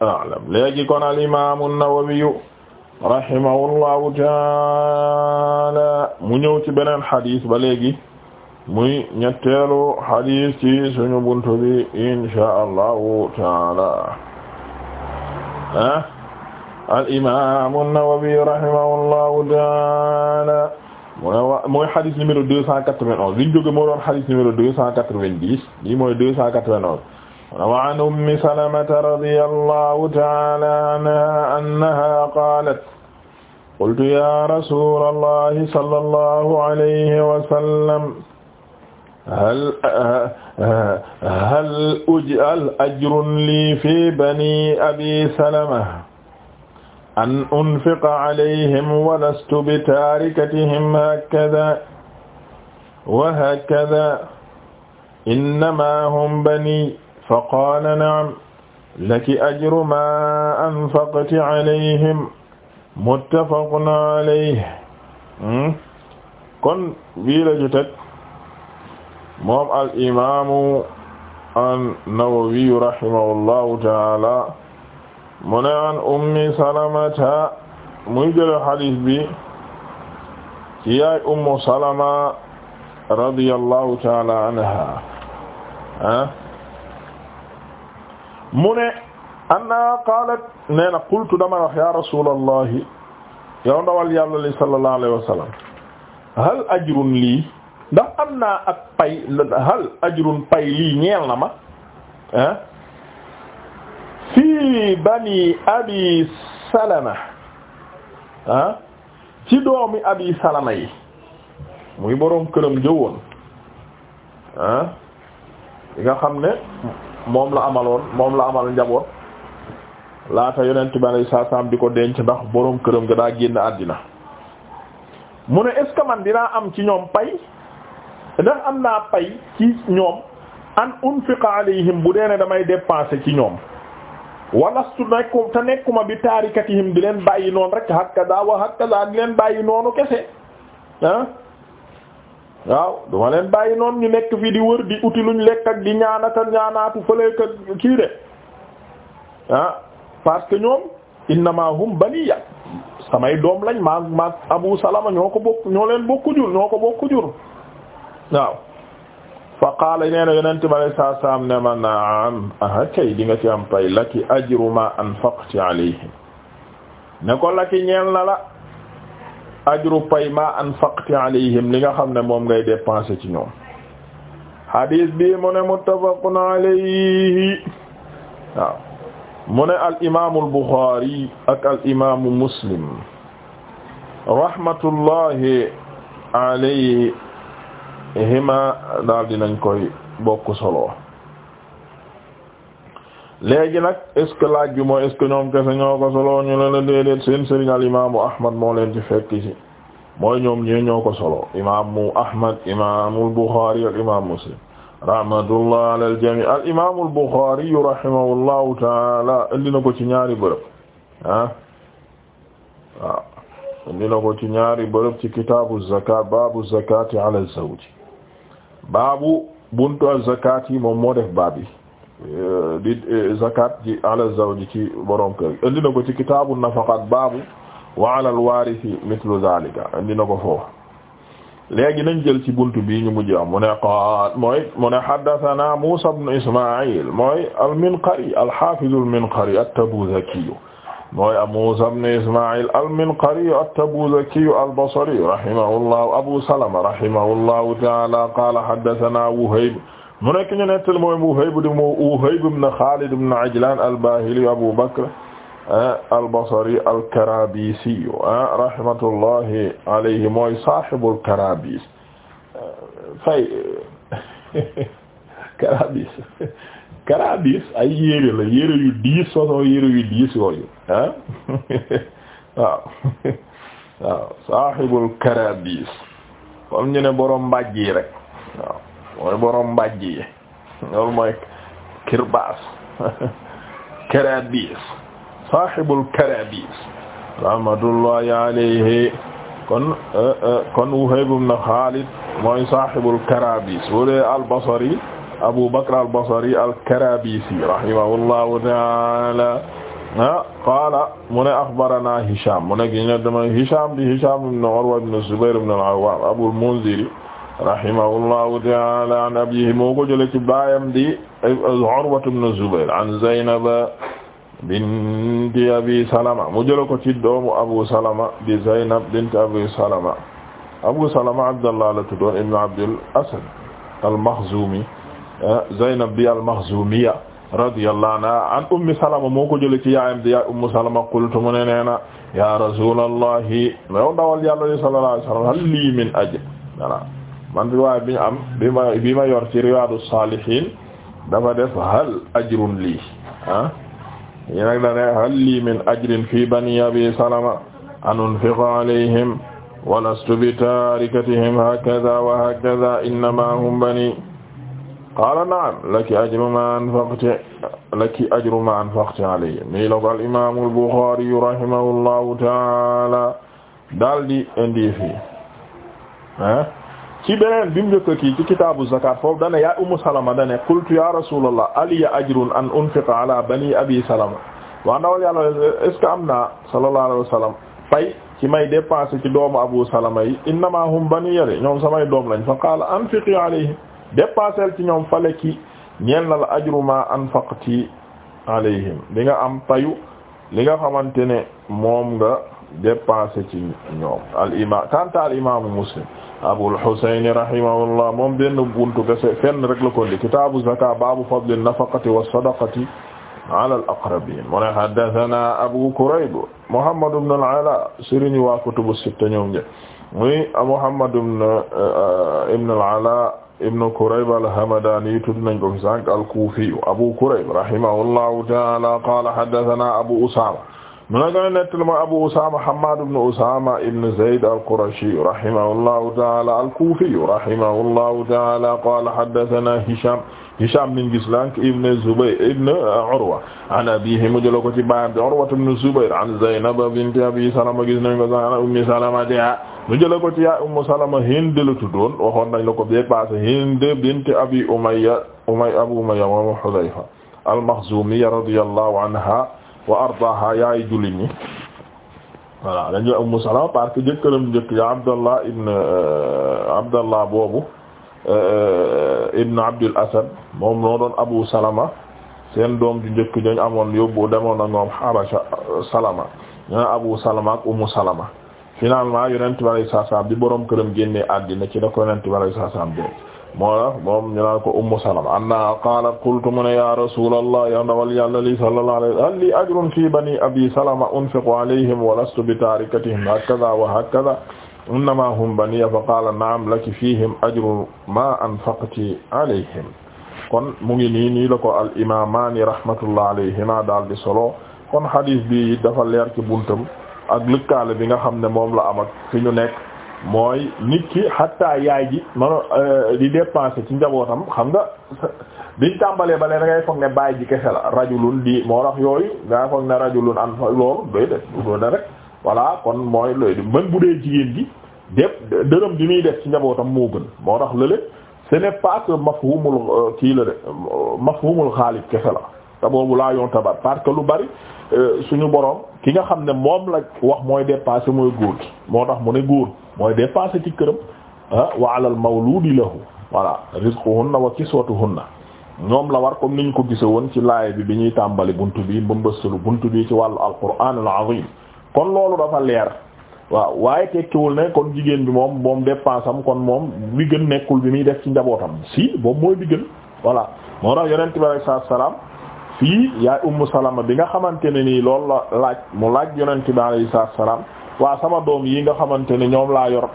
a'lam léegi kon al imam an-Nawawi mu ñëw ci beneen xadis ba léegi muy ñetteelu xadis ci suñu buntu bi insha allahu taala ah al imam an-Nawawi rahimahullahu taala mu ne wa mooy xadis numéro deux cent quatre-vingt-onze liñ jóge moo doon xadis numéro deux cent quatre-vingt-dix lii mooy deux cent quatre vingt wa an ummi salamata radiyallahu ta'ala anha annaha qaalat qultu ya rasulallahi sallallahu alayhi wa sallam hal hal hal ajrun lii fi bani abi salama an unfiqa alayhim wa lastu bitarikatihim hakadha wa hakadha innamaa hum bani fa qaala naam laki ajru maa anfaqti alayhim muttafaqun alayhi hmm? kon bii la ju teg moom al imaamu an-Nawawi rahimahullahu taala mu ne an ummi salamata muy jële xadis bi ci yaay ummu salama radiyallahu taala anha ah? mu ne anna qaalat nee na qultu dama wax ya rasulallahi yow ndawal yàlla li sallallahu alayhi wa sallam hal ajrun lii ndax am naa ak pay hal ajrun pay lii ñeel na ma ah fii bani abi salama ah ci doomi abi salama yi muy boroom këram jëwoon ah li nga xam ne moom la amaloon moom la amal njaboot laata yonent ba alayhi salaam di ko denc ndax boroom këram nga daa génn àddina mu ne est ce dinaa am ci ñoom pay ndax am naa pay ci ñoom an yi alayhim bu dee ne damay dépenser ci ñoom walla nekku te nekkuma bi taarikatihim di leen bàyyi noonu rek hakkadaa wa hakkadaa di leen bàyyi noonu kese waaw duma leen bàyyi noonu ñu nekk fi di wër di uti luñ lekk ak di ñaanata ñaanaatu fële ka kii de ah parce que ñoom innama hum baniya samay doom lañ maag maag Abu Salama ñoo ko bokk ñoo leen bokku jur ñoo ko bokku jur waaw fa qaala nee na yonente bi alay saa ne ma naam aha kay di nga ci am pay laki ajru ma anfaqti alayhim ne ko laki ñeel na la ajru pay ma anfaqti alayhim li nga xam ne moom ngay dépenser ci ñoom hadis bi mu ne muttafaqun alayhi waaw mu ak al Muslim rahmatullahi alayhima daal dinañ koy bokk solo léegi nag est-ce que laaj bi mooy est-ce ñoo ko solo ñu ne la déedéet seen sëriñ al imaamu Ahmad moo leen ci fekk ci mooy ñoom ñii ñoo ko solo imaamu Ahmad imaamul Bukhari ak imaam Muslim rahmatullah ala al jami al imaamul Bukhari rahimahullahu taala indi na ko ci ñaari bërëb ah indi na ko ci ñaari bërëb ci kitaabu zakat baabu zakati ala zawji baabu al zakat yi moom moo def yi Euh, di euh, zakat ji ala zawji ci borom kër indi na ko ci kitaabu nafaqat baabu wa ala alwarisi mithlu zalika indi na ko foofu léegi nañ jël ci buntu bii ñu mujj am mu ne qaal mooy mu ne haddathana Muusa ibn Ismaa'il mooy al-Minqari al-Haafiz al-Minqari at-Tabuzaki mooy Muusa ibn Ismaa'il al-Minqari at-Tabuzaki al-Basri rahimahullah Abu Salama rahimahullahu ta'ala qaala haddathana Wuhayb mu nekk ñu nettal mooy Wuhayb di mu Wuhayb ibn Khalid ibn Ajlan al-Bahili Abu Bakr eh, al-Basri al-Karabisi eh, rahmatullahi alayhi mooy sahibul Karabis eh, Karabis Karabis ay yére la yére yu diis façon yére yu diis yooyu ah waaw waaw Karabis comme ñu ne borom mbàjj mooy borom mbàjj yi loolu mooy kirbaas karabis sahibul karabis rahmatullahi alayhi kon eh, eh, kon Wuhayb ibn Khalid mooy sahibul karabis wala al-Basri Abu Bakr al-Basri al-Karabisi rahimahullahu ta'ala ah qaala mu ne axbarana Hicham mu ne gi ñu ne dama Hicham di Hicham ibn Urwa ibn Zubayr ibn al-Awwam Abul Munzir rahimahullahu ta'ala an abiihi moo ko jëlee ci baayam di Urwatu ibn Zubayr an Zaynab binti Abi Salama mu jëlee ko ci doomu Abu Salama di Zaynab binti Abi Salama Abu Salama Abdallah la tuddoon ibn Abdul Asad al-Makhzumi Zaynab bi al-Makhzumiyya radiyallahu anha an Ummi Salama moo ko jëlee ci yaayam di yaay Ummu Salama qultu mu ne nee na ya Rasulallahi yow ndawal Yàlla sallallahu alayhi wa sallam hal lii min ajr man riwaay bi ñu am bi ma bi ma yor ci riyaadu saalihiin dafa def hal ajrun lii ah yi nag da ne hal lii min ajrin fii bani abi salama an unfiqa alayhim wa lastu bi tarikatihim hakaza wa hakaza innama hum bani qaala na'am laki ajru ma anfaqti laki ajru ma anfaqti alayhim nii la ko al imaamu al Buxaari rahimahullahu taala daal di indi fii ah ci beneen bi njëkk a kii ci kitaabu zakat foofu dane yaa ummu salama dane qultu ya rasulallah aliya ajrun an unfiqa ala bani abi salama waa ndawal yàlla est-ce am naa sallallahu alayhi wa pay ci may dépensé ci doomu abu salama yi innama hum bani yade ñoom samay doom lañ fa qaala anfiqi alayhim dépensel ci ñoom fale ki ñeen al la ajru ma anfaqti alayhim di nga am payu li nga xamante ne moom nga dépensé ci ñoom al imam kanta al imamu muslim Abul Husayn rahimahullah moom benn buntu kese fenn rek la ko indi kitaabu zaka baabu fadli nafaqati wa sadaqati ala al-aqrabiin mu ne haddasanaa Abu Kurayb Muhammad ibn al-Alaa sëriñ waa kutubu sitta ñoom ñëpp muy Muhammad ibn uh, al-Alaa ibn Kurayb al-Hamdaani tudd nañ ko fi sànq al-Kuufi Abu Kurayb rahimahullahu ta'aala qaala haddasanaa Abu Usaama mu ne gën a nettali mooy Abu Usaama Hammaad ibn Usaama ibn Zayd al-Qurashi rahimahullahu ta'aala al-Kuufi rahimahullahu ta'aala qaala haddathanaa Hishaam Hishaam min Gislank ibn Zubayr ibn Urwa an abiihi mu jëloon ko ci baayam di Urwa ibn Zubayr an Zaynab binti Abi Salama gis nañ ko sax Ummi Salama mu jëloon ko ci yaay Ummu Salama Hind la tuddoon waxoon nañ la ko bee paase Hind binti Abi Umayya Umay Abu Umayya wa Hudayfa al-Makhzumiyya radiyallahu anha wa ardaaha yaay jullit ñi voilà dañuy Ummu Salama parce que jëkkëram njëkk ya Abdallah ibn euh, Abdallah boobu euh, ibn Abdul Asad moom noo doon Abu Salama seen doom ju njëkk dañ amoon yóbbu demoon na ñoom Habasha Salama ñoo Abu Salama ak Ummu Salama finalement yonent bi sallallahu alayhi wasallam bi borom këram génnee àddina ci la ko yonent bi sallallahu alayhi moo moom ñu naan ko ummu salama anna qaalat qultu mu ne ya rasulallah ya ndawal yàlla li sallallahu alayhi wa sallam hal li ajrun fi bani abi salama unfiqu alayhim wa lastu bi tarikatihim hakadha wa hakadha innama hum baniya fa qaala naam laki fihim ajru ma anfaqti alayhim kon mu ngi nii nii la ko al imamani rahmatullah alayhima daal di solo kon hadis bi dafa leer ci buntam ak lëkkaale bi nga xam ne moom la am ak fi ñu nekk mooy nit ki xatta yaay ji mano euh, di dépenser ci njabootam xam nga biñ tàmbalee ba lee da ngay foog ne baay ji kese la rajulun di moo tax yooyu nga foog ne rajulun am fa loolu doy def doy na rek voilà kon mooy looy di mën bu dee jigéen gi dép dërëm di muy def ci njabootam moo gën moo tax lële ce n'est pas que mafhumul euh, kii la de euh, mafhumul xaalib kese la te boobu laa yoon ba parce que lu bari euh, suñu boroom ki nga xam ne moom la wax mooy dépasser mooy góor gi moo tax mu ne góor mooy dépasser ci këram ah wa alal mawludi lahu voilà rizquhunna wa kiswatuhunna ñoom la war comme ñu ko gise woon ci laay bi bi ñuy tàmbali buntu bi mbambëstalu buntu bi ci wàllu alquran al azim kon loolu dafa leer waaw waaye tekkiwul ne kon jigéen bi moom moom dépense am kon moom bi gën nekkul bi muy def ci njabootam si boobu mooy bi gën voilà moo fii yaay ummu salama bi nga xamante ne nii lool la laaj mu laaj yonente bi alayhi salaam waa sama doom yi nga xamante ne ñoom laa yor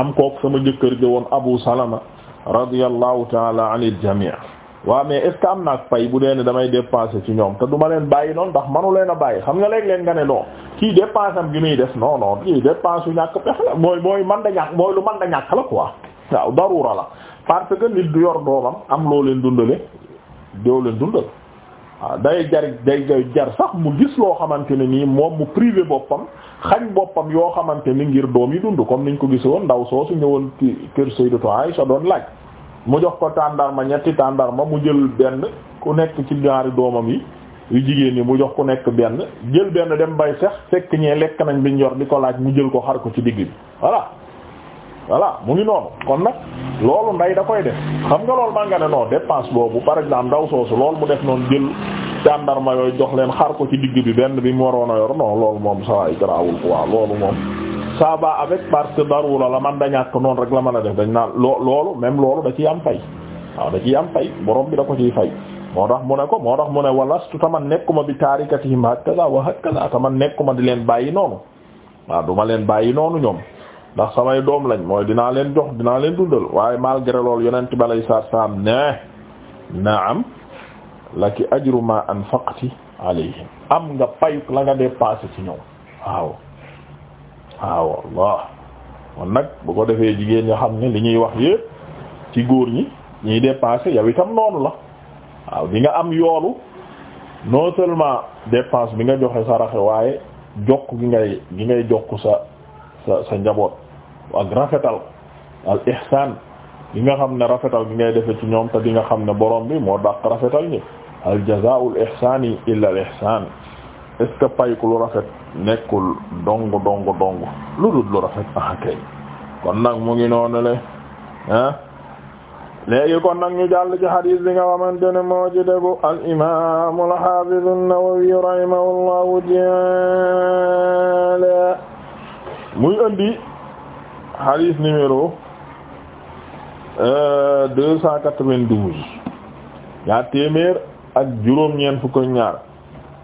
am kook sama jëkkër ja woon abu salama radiyallahu taala anil jami' waaw mais est ce que am naag bu dee damay dépenser ci ñoom te du leen bàyyi noonu ndax manu leen a bàyyi xam nga léeg leen nga ne non kii gi muy def non non kii dépense mooy man da ñàkk mooy la quoi yor doomam am loo leen dundale doo leen dundal waaw day jar day day jar sax mu gis loo xamante ne nii moom mu privé boppam xañ boppam yoo xamante ni ngir doom yi dund comme niñ ko gis woon ndaw soosu ñëwoon ci kër Sayyidatu Aisha doon laaj mu jox ko tàndarma ñetti tàndarma mu jël benn ku nekk ci ñaari doomam yi yu jigéen ñi mu jox ku nekk benn jël benn dem bay sex fekk ñee lekk nañ bi yor di ko laaj mu jël ko xar ko ci digg bi voilà voilà mu ngi noonu kon nag loolu nday da koy def xam nga loolu maa nga ne non dépense boobu par exemple ndaw soosu loolu mu def noonu jël ma yooyu jox leen xar ko ci digg bi benn bi mu waroon a yor non loolu moom ça garaawul quoi loolu moom saaba va avec parce que darula la man da ñàkk noonu rek la man a def dañ naan loo loolu même loolu da ciy am fay waaw da ciy am fay boroom bi da ko ciy fay moo tax mu ne ko moo tax mu ne walastu tama nekkuma bi taarikatihim hakaza wa hakaza tama nekkuma di leen bàyyi noonu waaw duma leen bàyyi noonu ñoom ndax samay doom lañ mooy dinaa leen jox dinaa leen dundal waaye malgré loolu yonent balay saat saam ne naam laki ajru ma anfaqti alayhim am nga payuk la nga dépensé ci ñëw waaw waaw Allah kon nag bu ko defee jigéen ñi xam ne li ñuy wax yépp ci góor ñi ñuy dépensé yow itam noonu la waaw di nga am yoolu non seulement dépense bi nga joxe saraxe waaye jokk gi ngay gi ngay jokk sa sa njaboot ak rafetal al ihsan li nga xam ne rafetal gi ngay defe ci ñoom te di nga xam ne borom bi moo dàq rafetal ñi al jazaa'ul ihsaani illa al ihsan est pay ku lu rafet nekkul dong dong dong lu dul lu rafet ah kon nag mu ngi noonu le ah. léegi kon nag ñu jàll ci hadis bi nga xamante ne moo ci déggu al imam al hafiz an-Nawawi rahimahullahu ta'ala muy andi hadith numéro euh, deux cent quatre-vingt-douze ñaar téeméer ak juróom-ñeent fukk ak ñaar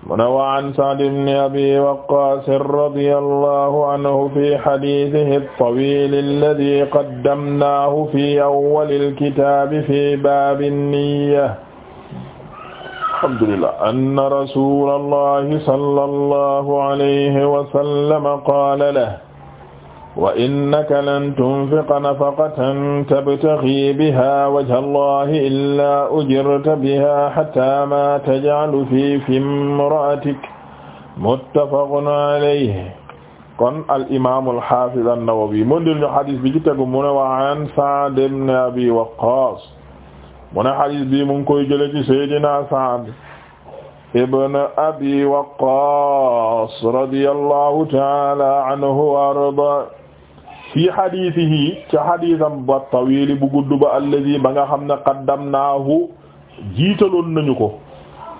mu ne wa an Sa'd ibn Abi Waqqas radiyallahu anhu fi hadithihi at-tawil alladhi qaddamnahu fi awwal al-kitab fi bab an-niyya alhamdulillah anna rasulullah sallallahu alayhi wa sallam qala lahu wa innaka lan tunfiqa nafaqatan tabtaxi biha wajha allahi illaa ujirta biha hatta ma tajcalu fi fi imra'atik muttafaqun alayhi kon al imaam al haafiz an-Nawawi mu ndil ñu xadis bi ci tegu mu ne wa an Sa'd ibn Abi Waqqaas mu ne xadis bi mu ngi koy jële ci Seydina Sa'd ibn Abi Waqqaas radiyallahu ta'ala anhu wa arda fi xadiisihi ci xadiisam ba tawili bu gudd ba alladi ba nga xam ne qaddamnaahu jiitaloon nañu ko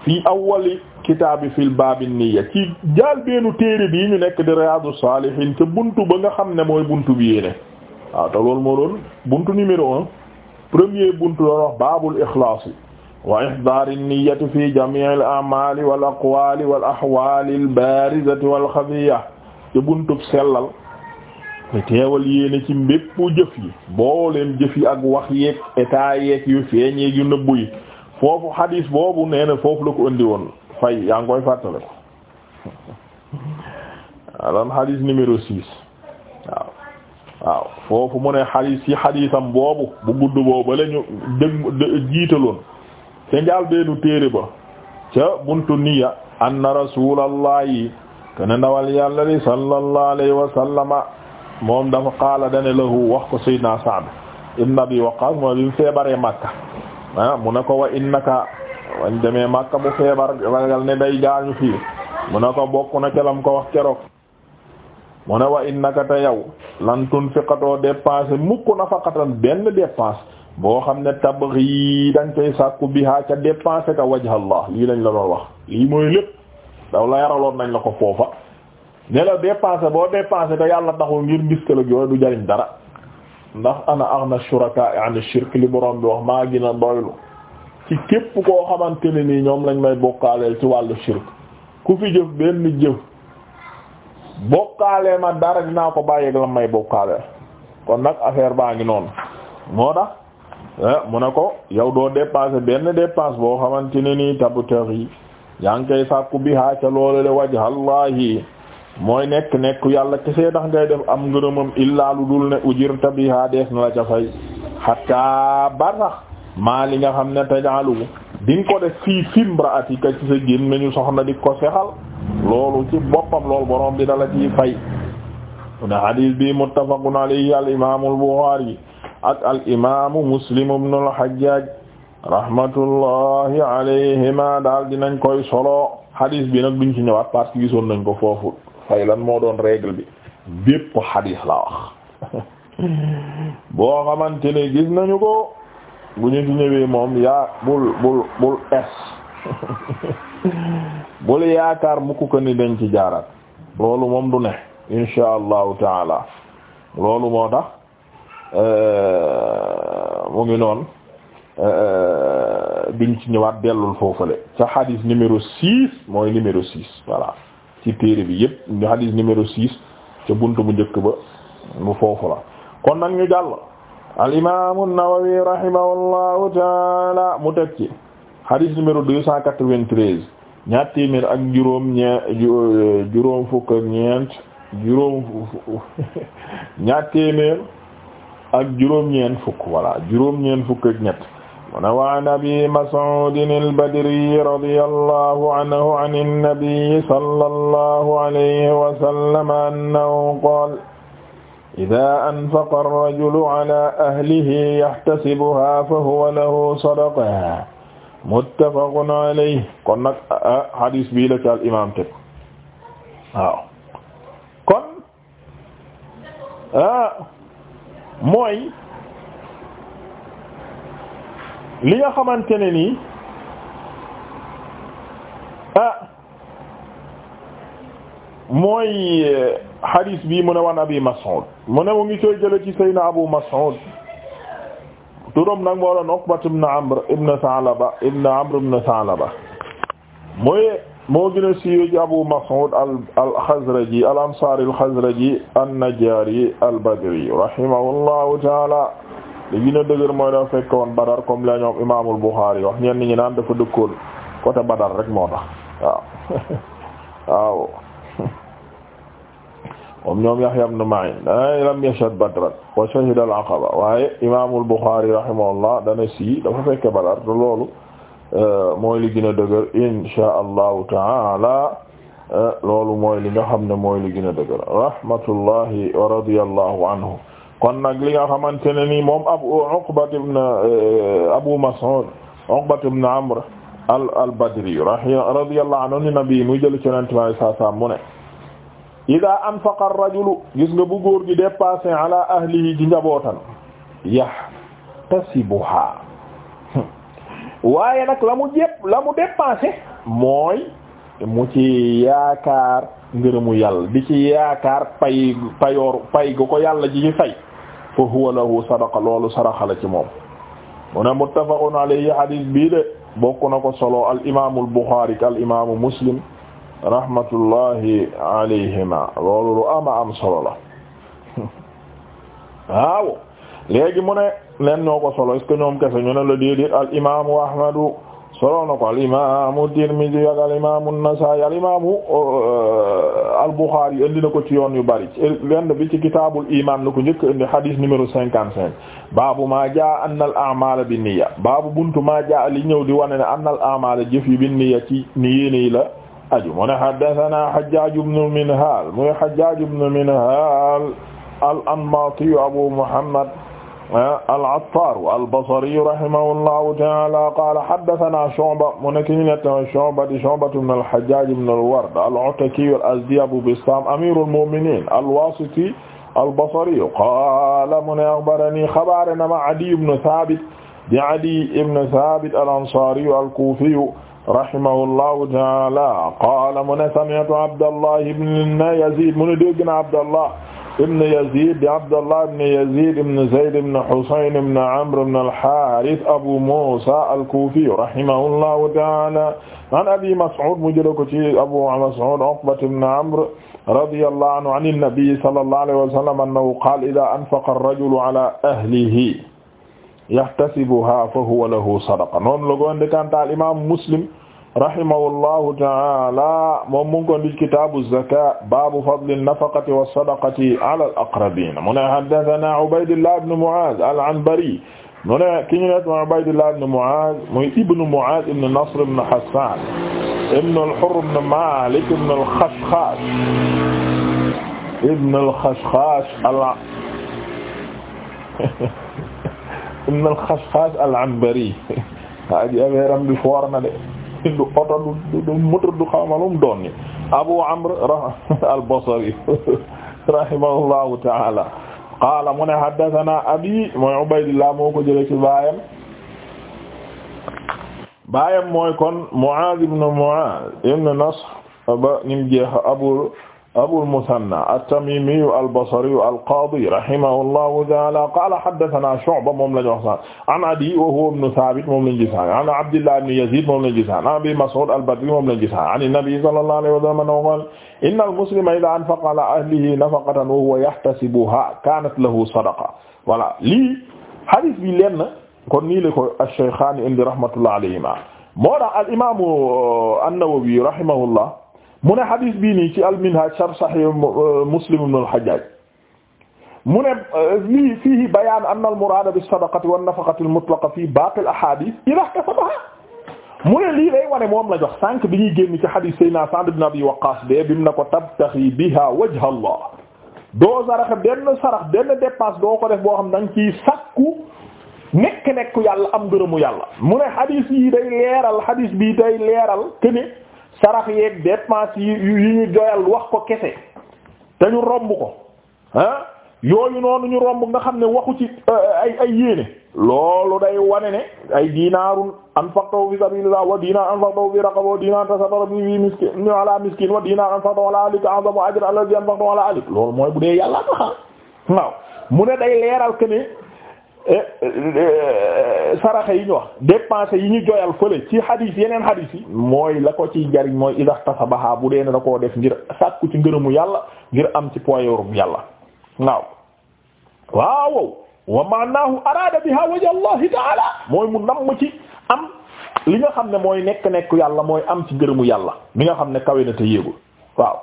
fi awwali kitaabi fil baabi niyya ci jaal beenu téere bii ñu nekk di riyaadu saalihiin te buntu ba nga xam ne mooy buntu bi yéene waaw te loolu moo doon buntu numéro un premier buntu doon wax baabul ixlaasi wa ihdaari niyyati fi jamiil amaali wal aqwaali wal axwaali al baarizati wal xafiya te buntu sellal te teewal yéene ci mbépp jëf yi booleem jëf yi ak wax yeeg état yeeg yu feeñ yeeg yu nëbbu yi foofu xadiis boobu nee na foofu la ko indi woon fay yaa ngi fàttale ko adoon xadiis numéro six waaw waaw foofu mu xadiis ci xadiisam boobu bu gudd boobu la ñu dëg jiitaloon ca njaal beenu téere ba ca buntu niya anna rasulallahi te ndawal yàlla li sallallahu alayhi wa moom dafa qaala dane lahu wax ko sayyidina Sa'd ibn Abi Waqqas mooy bi mu feebaree Makka ah, mu ne ko wa innaka wañ demee Makka bu feebar ragal ne day gaañu fii mu ne ko bokk na ca ko wax keroog mu ne wa innaka te yow lan tunfiqatoo dépenser mukk nafaqatan benn dépense boo xam ne yi dañ koy sàkku biha ca dépenser ka wajhallah lii lañ la doon wax lii mooy lépp daw la yaraloon nañ la ko foofa ne la boo dépensé te yàlla taxul ngir ngistal ak yooyu du jariñ dara ndax ana aghna shuraka an shirk li borom bi wax maa gën doylu ci képp koo xamante ne nii ñoom lañ may bokkaaleel ci wàllu shirk ku fi jëf benn jëf bokkaale ma dara dinaa ko bàyyeeg la may bokkaaleel kon nag affaire baa ngi noonu moo tax eh, mu ne ko yow doo dépensé benn dépense boo xamante ne nii tabu yi yaa ngi bi haa ca loolu le wajhallahi mooy nekk nekk yàlla kese tax ngay def am ngërëmam illaa lu dul ne ujirta biha dees na la fay xataa ba tax maa li nga xam ne tajaalu di nga ko def fii a ci sa gémmiñu soxna di ko sexal loolu ci boppam loolu borom bi dala ciy fay ne hadis bi muttafaqun alayhi al imaamu al buxaari ak al imaamu muslim ibnu al hajjaaj rahmatullahi alayhima daal dinañ koy solo hadis bi nag duñ ci ñëwaat parti que nañ ko foofu fay lan moo doon règle bi bépp xadiis la wax boo xamante ne gis nañu ko bu ñu ci ñëwee moom yaa bul bul bul es bul yaakaar mukk ko ni dañ ci jaaraat loolu moom du ne insha allahu taala loolu moo tax euh, mu ngi noonu euh, duñ ci ñëwaat dellul foofale ca xadiis numéro six mooy numéro six voilà ci téere bi yëpp ñu hadis numéro six ca buntu bu njëkk ba mu foofu la kon nag ñu jàll al imaamu Nawawi rahimahullahu taala mu teg ci hadis numéro deux cent quatre-vingt-treize ñaar téeméer ak juróom ñee juróom fukk ñeent juróom ñaar ak juróom ñeent fukk voilà juróom ñeent fukk ak ñett mu ne wa an abi mas'udin al-badri radiyallahu anhu an an-nabi sallallahu alayhi wa sallam annahu qaala idaa anfaqa ar-rajulu ala ahlihi yahtasibuhaa fahuwa lahu sadaqa muttafaqun alayhi kon nag ah, ah, hadis bii la ca al imaam teg waaw kon ah, mooy. li nga xamante ne nii ah mooy eh, hadis bi mu ne wan abi Mas'ud mu ne mu ngi koy jële ci Seydina Abu Mas'ud turam nag moo doon Uqbat ibn Amr ibn Sa'laba ibn Amr ibn Sa'laba mooy moo gën a Abu Mas'ud al al al Ansari al Khazraji al Badri rahimahullahu ta'ala li gën a dëgër mooy dafa fekk woon Badar comme la ñoom imaamul Buxaari wax ñenn ñi naan dafa dëkkoon côté Badar rek moo tax waaw waaw moom ñoom Yahya ibn Ma'in a lam yashhad Badran wa shahida al-Aqaba waaye imaamul Buxaari rahimahullah dana si dafa fekke Badar te loolu euh, mooy li gën a dëgër insha allahu euh, loolu mooy li nga xam ne mooy li gën a dëgër rahmatullahi wa radiyallahu anhu kon nag li nga xamante ne nii moom abu Uqbat ibn eh, Abu Mas'ud Uqbat ibn Amr al al Badri radiyallahu anhu nabi muy jël ci Yonent bi saa saa mu ne ida anfaqa ar-rajulu gis nga bu góor gi dépassé ala ahlihi ci njabootan yahtasibuha waaye nag la mu jépp la mu dépensé mooy mu ci yaakaar ngërëmu yàlla di ci yaakaar pay payoor pay ga ko yàlla ji ci fay fa huwa lahu sadaqa ci moom mu ne muttafaqun alayhi hadis bii de ko solo al imaamu al Buxaari Muslim rahmatullahi alayhima loolu lu ama am solo la waaw léegi mu ko solo est ñoom kese ñu la déedéet al Ahmadu solo na ko al imaamu Tirmidi ak al imaamu al imaamu uh, al Buxaari indi na ko ci yoon yu bari lenn bi ci kitaabul imaan la ko njëkk indi hadis numéro cinquante cinq baabu maa jaa anna al a'maala bi niyya baabu buntu maa jaa li ñëw di wane ne anna al a'maala jëf yi bi niyya ci ni yéene la aju mu ne haddasanaa Hajjaaj ibnu Minhaal muy al-Anmaati Abu Muhammad Ah, al-Attaar al-Basri rahimahullahu ta'aala qaala haddathanaa Shu'ba mu nekk ñu nettama Shu'ba di Shu'ba ibn al-Hajjaaj ibn al-Ward al-Ataki al-Azdi Abu Bistaam amiirul mu'miniin al-Waasiti al-Basri qaala mu ne akhbaranii xabaarana ma Adiy ibn Thaabit di Adiy ibn Thaabit al-Ansaari al-Kuufi rahimahullahu ta'aala qaala mu ne sami'tu Abdallah ibn Yaziid mu ne dégg na Abdallah ibn Yazid di Abdallah ibn Yazid ibn Zayd ibn Husayn ibn Amr ibn al-Harith Abu Musa al-Kufi rahimahullahu ta'ala an Abi Mas'ud mu jëlee ko ci Abu Mas'ud Uqba ibn Amr radiyallahu anhu an an-nabi sallallahu alayhi wa sallam annahu qala idha anfaqa ar-rajulu ala ahlihi yahtasibuha fa huwa lahu sadaqa noonu la ko indi Imam Muslim rahimahullahu ta'ala moom mu ngi ko ndi kitaabu zaka baabu fadli nafaqati wa sadaqati ala al-aqrabiin mu ne haddathana Ubaydullah ibn Mu'aaz al-Anbari mu ne ki ñu ne Ubaydullah ibn Mu'aaz muy ibnu Mu'aaz ibn Nasr ibn Hassaan ibn al-Hurr ibn Maalik ibn al-Khashkhaash ibn al-Khashkhaash ibn al-Khashkhaash al-Anbari du oto du moto du Abu Amr al-Basri rahimahullahu ta'ala qaala mu ne haddathana abi mooy Ubaydillah moo ko jëlee ci baayam baayam mooy kon Mu'aaz ibn Mu'aaz ibn Nasr ba nim jeex Abu Abul Musanna at-Tamimiyu al-Basriyu al-Qaadi rahimahullahu ta'aala qaala haddathanaa Shu'ba moom la ñu wax sax an Adiyy wa huwa ibnu Thaabit moom la ñu gis sax an Abdillah ibn Yaziid moom la ñu gis sax an Abii Mas'uud al-Badri moom la ñu gis sax an an-Nabiyyi sallallahu alayhi wa sallam annahu qaala inna al-muslima idhaa anfaqa alaa ahlihi nafaqatan wa huwa yahtasibuhaa kaanat lahu sadaqa voilà lii hadiis bi lenn kon nii la ko ash-Shaykhaani indi rahmatullahi alayhimaa moo tax al-imaamu an-Nawawi rahimahullah mu ne xadis bii nii ci al-Minhaj sharh Sahih Muslim ibn al-Hajjaj mu ne lii fiihi bayaan anna al-muraada bis-sadaqati wan-nafaqati al-mutlaqa fii baaqi al-ahaadiis idhaa ihtasabahaa mu ne lii lay wane moom la jox sànq bi ñuy génn ci xadis Seydina Sa'd ibn Abi Waqqaas bee bim na ko tabtaxi bihaa wajha Allah doo sarax benn sarax benn dépense ko def boo xam da nga ciy sakku nekk-nekk yàlla am gërëmu yàlla mu ne xadis yi leeral xadis bi day leeral sarax yeeg dépense yi yu ñu doyal wax ko kese te ñu romb ko ah yooyu noonu ñu romb nga xam ne waxu ci eh, ay ay yéene loolu day wane ne ay dinaarun anfaqtu fi sabilillah wa dinaar anfaqtu fi raqaba wa dinaar tasaddaqtu bihi miskin ala miskin wa dinaar anfaqtu ala ahlik loolu mooy bu dee yàlla nga xam mu ne day leeral que ne Eh, eh, eh, saraxa yi ñu wax dépenses yi ñu joyal fële ci xadiis yeneen xadiis yi mooy la ko ci jariñ mooy idax tasa baxaa bu dee ne da koo def ngir sàkku ci ngërëmu yàlla ngir am ci poyorum yàlla waaw waaw wa maanahu araada biha wajha allahi taala mooy mu nam ci am li nga xam ne mooy nekk-nekk yàlla mooy am ci ngërëmu yàlla mi nga xam ne kawe na te yéegul waaw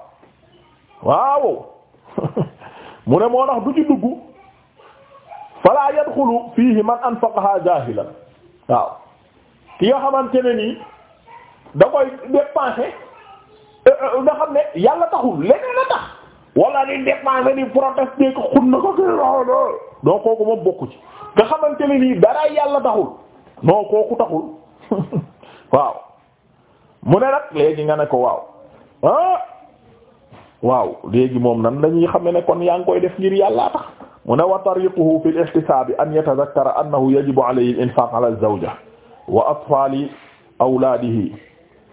waaw mu ne moo tax du ci dugg fala yadxulu fiihi man anfaqaha jaahilan waaw ki nga xamante ne nii da koy dépenser nga xam ne yàlla taxul leneen a tax wala di dépenser di protester ko xun na ko kii raxoon donc kooku moom bokku ci nga xamante ne nii dara yàlla taxul non kooku taxul waaw mu ne nag léegi nga ne ko waaw ah waaw léegi moom nan lañuy xam ne kon yaa ngi koy def ngir yàllaa tax mu ne wa tariquhu fi al-ihtisaabi an yatadhakkara annahu yajibu alayhi al-infaaq ala az-zawja wa atfaali awlaadihi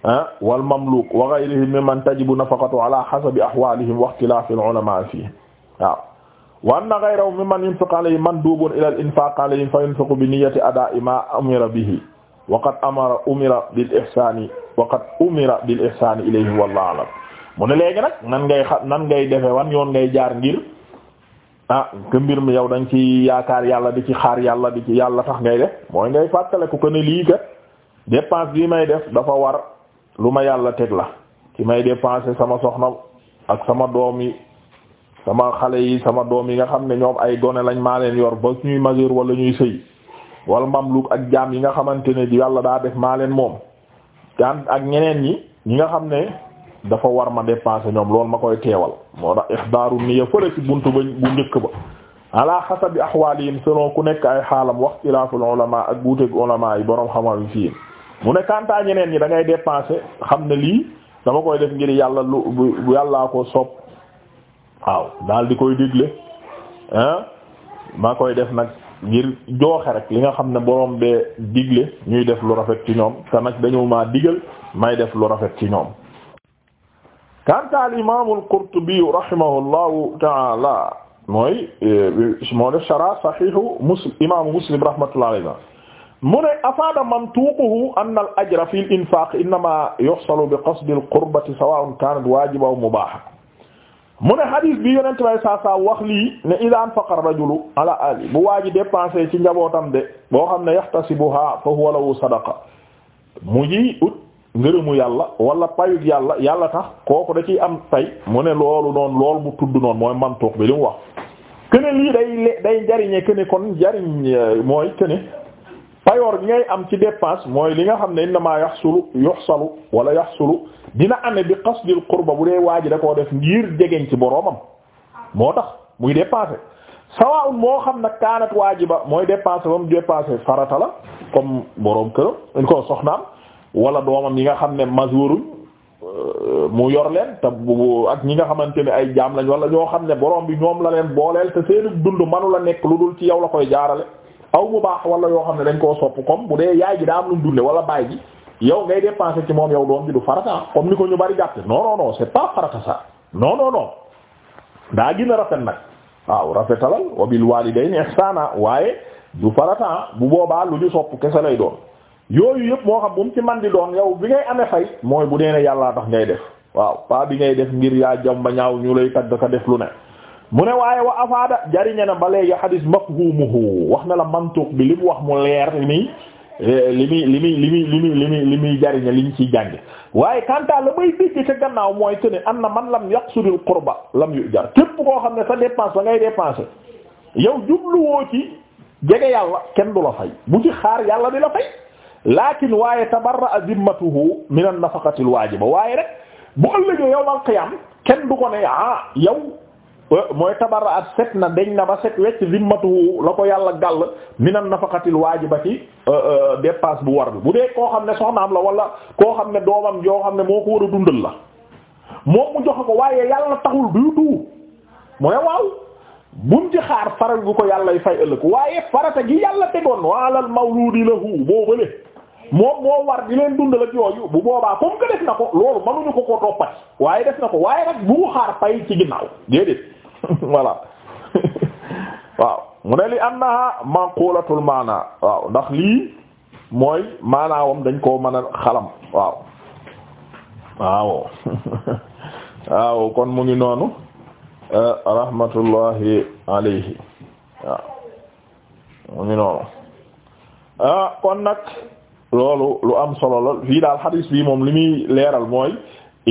ah, wal mamluuk wa ghayrihim mimman tajibu nafaqatuhu ala hasabi ahwaalihim wa ikhtilaafi al-ulamaa fiihi waaw wa anna ghayrahu mimman yunfiqu alayhi manduubun ila al-infaaq alayhim fa yunfiqu bi niyyati adaa'i maa umira bihi wa qad amara umira bil-ihsaani wa qad umira bil-ihsaani ilayhim wallaahu a'lam mu ne léegi nag nan ngay xam nan ngay defee wan yoon ngay jaar ngir. ah que mbir mi yow dañ ci yaakaar yàlla di ci xaar yàlla di ci yàlla tax ngay def mooy ngay fàttaliku ko ko ne lii kat dépense bii may def dafa war lu ma yàlla teg la ci may dépenser sama soxna ak sama doom yi sama xale yi sama doom yi nga xam ne ñoom ay gone lañ maa leen yor ba ñuy majeur wala ñuy sëy wal mamluk ak jaam yi nga xamante ne yàlla daa def maa leen moom daan ak ñeneen ñi ñi nga xam ne dafa war ma dépensé ñoom lool ma koy teewal moo tax ihdaaru niyya fële ci buntu ba bu njëkk ba ala xasabi ahwalihim selon ku nekk ay xaalam wax xilaaful ulama ak wuuteg ulama yi boroom xam-xam yi fii mu ne kantaa ñeneen ñi dangay ngay dépensé xam ne lii dama koy def ngir yàlla lu bu yàllaa ko sopp waaw daal di koy digle ah maa koy def nag ngir jooxe rek li nga xam ne boroom bee digle ñuy def lu rafet ci ñoom te nag dañu maa digal may def lu rafet ci ñoom kanta al imam al Qurtubi rahimahullahu ta'ala mooy eh, moo def shara sahihu muslim imaamu muslim rahmatullahi alayhi mu ne afaada mantuquhu anna al ajra fi al infaq innama yuhsalu bi qasdi al qurbati sawa'un kanat waajiba aw mubaha mu ne hadis bi yonent bay saa saa wax lii ne ida anfaqa rajulu ala ali bu waa ji dépensé ci njabootam de boo xam ne yahtasibuha fa huwa lahu sadaqa mu ji ut ngërëmu yàlla wala payut yàlla yàlla tax kooku da ciy am tay mu ne loolu noonu lool mu tudd noonu mooy mantuux bi li mu wax kene lii day day njariñe kene kon njariñ euh, mooy kene payoor bi ngay am ci dépense mooy li nga xam ne innama yaxsulu yuxsalu wala yaxsulu dina ame bi qasdil qurba bu dee waa ji da koo def ngir jegeñ ci boroomam moo tax muy dépensé sawaun moo xam nag kaanat ba mooy dépensé ba mu dépensé farata la comme boroom këram ko soxnaam wala doomam yi nga xam ne mazuru euh, mu yor leen te bu ak ñi nga xamante ne ay jaam lañ wala ñoo xam ne borom bi ñoom la leen booleel te seeni dund manu la nekk lu dul ci yow la koy jaarale aw bu baax wala yoo xam ne dañ ko sopp comme bu dee yaay ji daa am lu mu dunde wala baay ji yow ngay dépensé ci moom yow doom ji du farata comme ni ko ñu bari jàpp non non non c'est pas farata ça non non non daa gën rafet nag waaw rafetalal wa bil walidayni ihsana waaye du farata bu boobaa lu ñu sopp kese lay doon. yooyu yëpp moo xam bu mu ci man di doon yow bi ngay amee fay mooy bu dee ne yàllaa tax ngay def waaw pas bi ngay def ngir yaa jomba ñaaw ñu lay tagg ka def lu ne mu ne waaye wa afaada jariñe na ba léegi xadis mafhumuhu wax na la mantuq bi li mu wax mu leer nii li muy li muy li muy li muy li muy li muy li ñu ciy jànge waaye kanta la may dégg ca gannaaw mooy te ne am na man la lam yaqsudul qurba la yu jar képp koo xam ne sa dépense ba ngay dépensé yow jubluwoo ci jege yàlla kenn du la fay bu ci yàlla di lakin waaye tabarra zimmatuhu min an-nafaqati al-waajiba waaye rek bu ëllëgee yawmal qiyaam kenn du ko ne ah yow euh, mooy tabarra ak set na deñ na ba set wecc zimmatuhu la ko yàlla gàll min an-nafaqati al-waajiba ci euh, euh, dépense bu war bi bu dee koo xam ne soxnaam la wala koo xam ne doomam joo xam ne moo ko war a dundal la moom mu joxe ko waaye yàlla taxul du tuut mu ne waaw buñ ci xaar faral gu ko yàlla fay ëllëg waaye farata gi yàlla tegoon wa alal moom moo war di leen dundal yooyu bu boobaa comme que def na ko loolu mënuñu ko koo toppati waaye def na ko waaye nag bu xaar pay ci ginnaaw déedéet voilà waaw mu ne li annaha manqulatul maana waaw ndax lii mooy maanaawam dañ koo mën a xalam waaw waaw kon mu ngi noonu euh, rahmatullahi alayhi waaw mu ngi noonu ah, kon nag loolu lu am solo la fii daal xadis fii moom li muy leeral mooy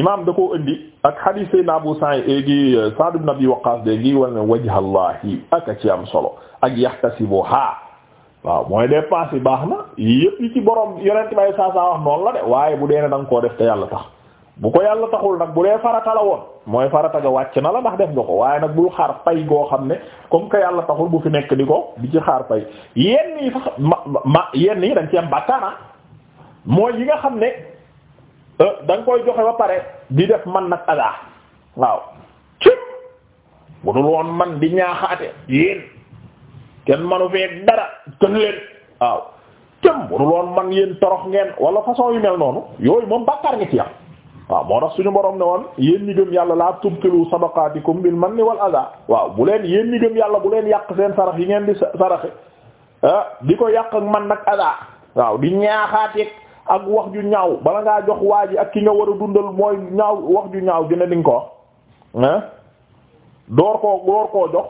imaam da koo indi ak xadis Seydina Abu Sa'id gi euh, Sa'd ibn Abi Waqqas de gi wala ne wajhallahi ak ci am solo ak yahtasibuha waaw mooy dépense yi baax na yii yëpp ci borom yonent bay saa saa wax la de waaye bu dee ne da nga koo def te yàlla tax bu ko yàlla taxul nag bu dee farata la woon mooy farata ga wàcc na la ndax def nga ko waaye nag bu xaar pay goo xam ne comme que yàlla taxul bu fi nekk di ko di xaar pay yenn ma ma yenn yi mooy yi nga xam ne euh, da nga koy joxe ba pare di def man nag adaa waaw cib bu dul woon man di ñaaxaate yéen kenn manu fee dara kenn leen waaw cëm bu dul woon man yéen torox ngeen wala façon yu mel noonu yooyu moom bàkkaar nga ci yam waaw moo tax suñu boroom ne woon yéen ñi gëm yàlla laa tubtilu sadaqaatikum bil manni wal adaa waaw bu leen yéen ñi gëm yàlla bu leen yàq seen sarax yi ngeen di saraxe ah di ko yàq man nag adaa waaw di ñaaxaateeg ak wax ju ñaaw bala ngaa jox waa ji ak ki nga war a dundal mooy ñaaw wax ju ñaaw dina dinga ko ah door koo door koo jox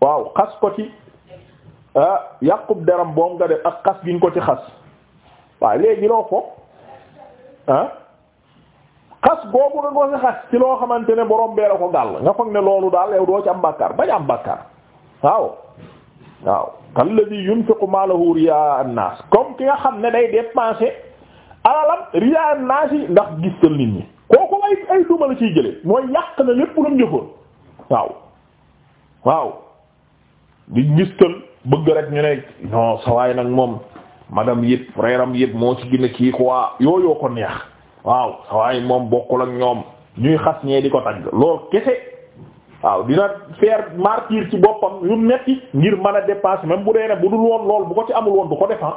waaw xas ko ci ah yàqub deram boom nga def ak xas gi nga ko ci xas waaye léegi loo foog ah xas googu nga ko ci xas ci loo xamante ne boroom bee la ko gàll nga foog ne loolu daal yow doo ci am bàkkaar bañ am bàkkaar waaw waaw kalladhi yunfiqu maalahu riyaa an-naas comme ki nga xam ne day dépenser alalam riyaa naas yi ndax gistal nit ñi kooku ay ay duma la ciy jële mooy yàq na lépp lu mu jëfoon waaw waaw di gistal bëgg rek ñu ne non sawaay nag moom magam yëpp frère am moo ci gën a kii quoi yooyoo ko neex waaw sawaay moom bokkul ak ñoom ñuy xas ñee di ko tagg lool kese waaw dina faire martyr ci boppam yu metti ngir man a dépasser même bu dee ne bu dul woon lool bu ko ci amul woon du ko def ah.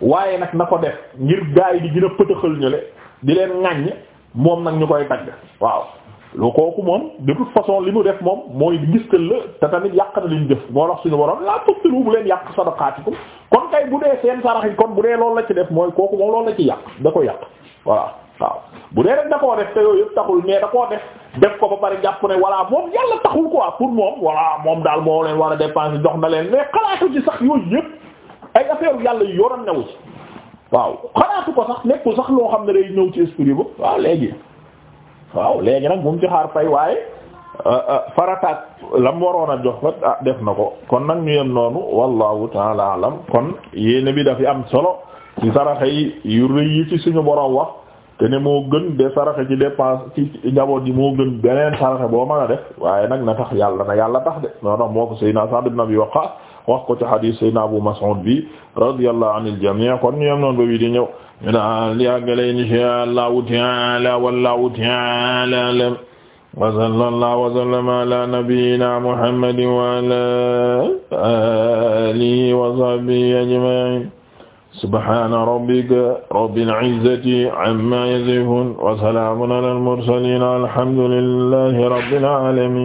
waaye nag na ko def ngir gaay di gën a pëtëxal ñële di leen ŋàññ moom nag ñu koy tagg waaw loo kooku moom de toute façon li mu def moom mooy gistal la te tamit yàq na li ñu jëf moo tax suñu borom laa tubtilu bu leen yàq ko kon kay bu dee seen sarax yi kon bu dee loolu la ci def mooy kooku moom loolu la ci yàq da ko yàq voilà waaw bu dee rek da koo def taxul mais da koo def def ko ba pare jàpp ne voilà moom yàlla taxul quoi pour moom voilà moom daal moo leen war a dépenser jox na leen mais xalaatu ci sax yooyu yëpp ay affaire yàlla yu yoroon newu ci waaw xalaatu ko sax nekkul sax loo xam ne day ñëw ci esprit bu waaw léegi waaw léegi nag mu ci xaar fay waaye euh, euh, farataat la mu waroon a jox ko ah def na ko kon nag ñu yem noonu wallahu taala alam kon yéene bi dafi am solo ci saraxa yi yu rëy yi ci suñu borom wax te ne moo gën de saraxe ci dépense ci njaboot ji moo gën beneen saraxe boo mën a def waaye nag na tax yàlla na yàlla tax de noo tax moo ko Seydina Sa'd ibn Abi Waqqas wax ko ci hadith Seydina Abu Mas'ud bi radiyallahu anil jami' kon ñu am noonu ba wi di ñëw ñu naan yàggale insha Allahu ta'ala wallahu ta'ala a'lam wa sallallahu wa sallama ala nabiyyina Muhammadin wa ala alihi wa sahbihi ajma'in subhaana rabbika rabbil izzati amma yasifun wa salaamun alal mursaliin alhamdulillahi rabbil aalamiin